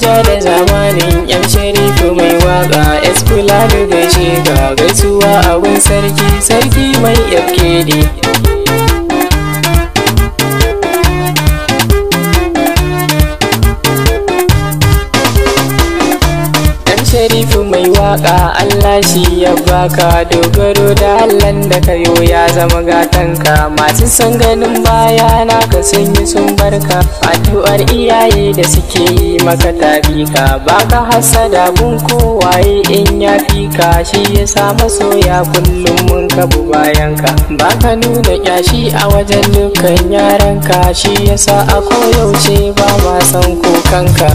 ja da zamanin yan sharifu mai waka es kula da gaishe ga gaisuwa a sarki sarki mai yafke ne waka Allah shi ya baka dogaro da Allah da kayo ya zama gatanka masu son ganin baya na ka sun yi sun barka addu'ar iyaye da suke yi maka tarika baka hasada gun kowaye in ya fika shi ya sa soya kullum mun kabu bayanka baka nuna kyashi a wajen dukkan yaranka shi ya sa a koyaushe ba ma san kukanka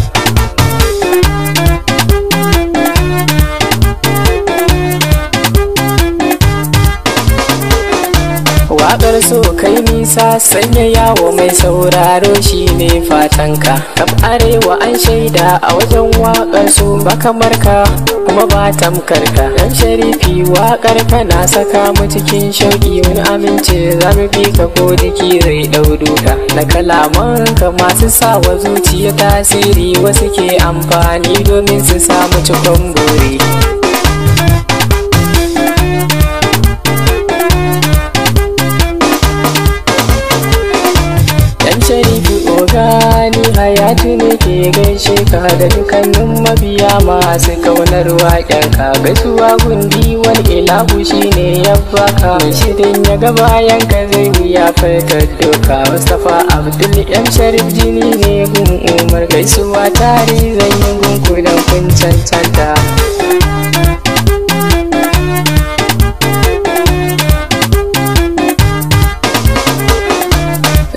kar so kai nisa sanya yawo mai sauraro shi ne fatanka kam arewa an shaida a wajen waƙar su ba kamar ka kuma ba tamkar ka dan sharifi waƙar ka na saka mu cikin shauƙi mun amince za mu bi ka ko jiki zai ɗau duka na kalaman ka masu sa wa zuciya tasiri wasu ke amfani domin su samu cikon gori ka da dukkanin mabiya masu kaunar waƙen ka gaisuwa gundi wani ilahu ne ya baka mai shidin ya ga bayan ka zai wuya farka doka Mustapha Abdul yan Sharif jini ne gun Umar gaisuwa tare zan yi gunkunan kun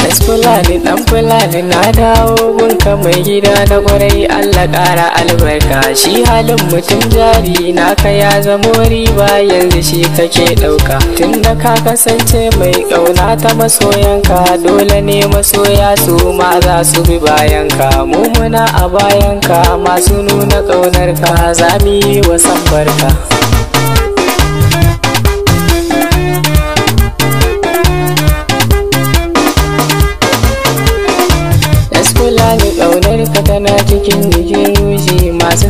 As fulani dan fulani na dawo gunka mai gida na kwarai Allah ƙara albarka shi halin mutum jari naka ya zamo riba yanzu shi kake ɗauka tun da ka kasance mai ƙauna ta masoyanka dole ne masoya su ma za su bi bayanka mu muna a bayanka masu nuna ƙaunarka za mu yi wasan barka.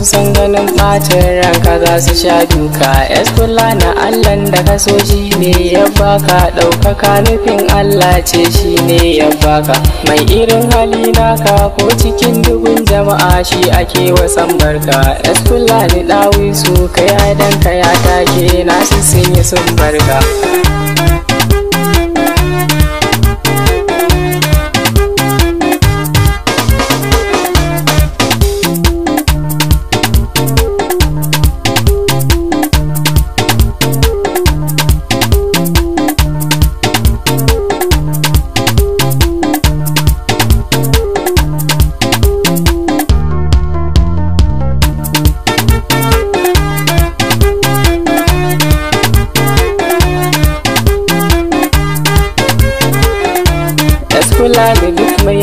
sun ganin ɓacin ranka za su sha duka eskula na allan da ka shi ne ya baka ɗaukaka nufin allah ce shi ne ya baka mai irin hali naka ko cikin dubun jama'a shi ake wasan barka eskula ni ɗawi su dan hadanka ya ke nasu sun yi sun barka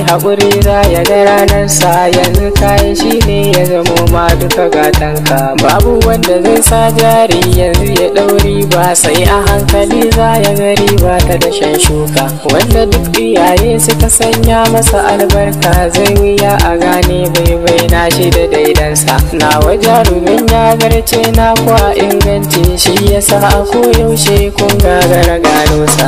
haƙuri za ya ga ranar sa yanzu kayan shi ne ya zamo ma duka gatanka babu wanda zai sa jari yanzu ya ɗauri ba sai a hankali za ya gari ba ta dashen shuka wanda duk iyaye suka sanya masa albarka zai wuya a gane bai bai na shi da daidansa na jarumin ya garce na kwa inganci shi yasa a koyaushe kun gagara gano sa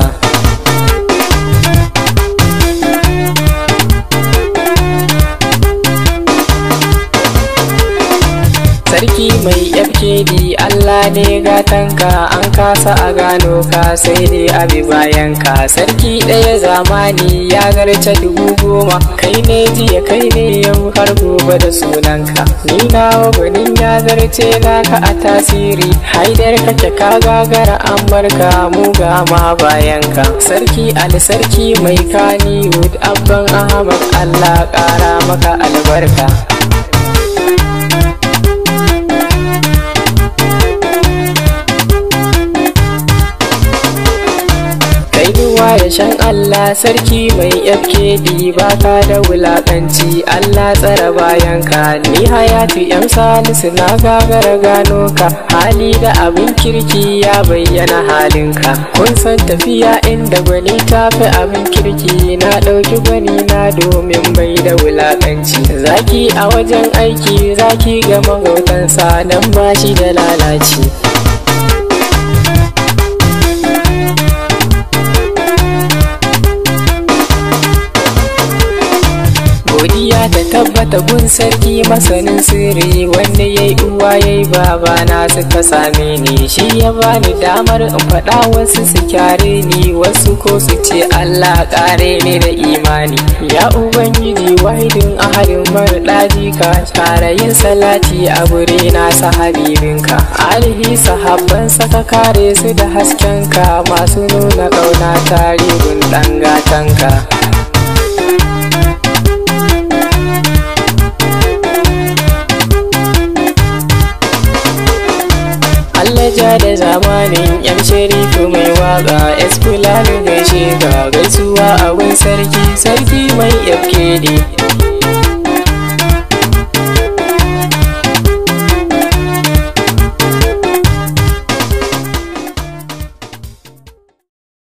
tauhidi Allah ne gatanka an kasa a gano ka sai dai abi bayan ka sarki ɗaya zamani ya garce dubu goma kai ne jiya kai ne yau har gobe da sunanka ni na gwanin ya zarce ka a tasiri haidar kake ka gagara an ka mu ga ma bayan ka sarki ali sarki mai kani abban ahmad Allah ƙara maka albarka ƙarshen Allah sarki mai FKD ba ka da wulakanci, Allah tsara bayan ka ni hayatu yan salisu na gagara gano ka hali da abin kirki ya bayyana halinka kun san tafiya inda gwani ta fi abin kirki na ɗauki gwani na domin bai da wulakanci. zaki a wajen aiki zaki ga magautansa nan ba shi da lalaci tabbata gun sarki masanin sirri wanda ya yi uwa ya yi baba na suka same ni shi ya bani damar in faɗa wasu su kyare ni wasu ko su ce allah ƙare ni da imani ya ubangiji wahidin ahalin daji ka Kare yin salati a gure na sa habibinka alihi sahabban saka kare su da ka, masu nuna ƙauna tarihin ɗan gatanka ja da zamanin yan sharifu mai waka eskula da gaishe ga gaisuwa a sarki sarki mai yafke ne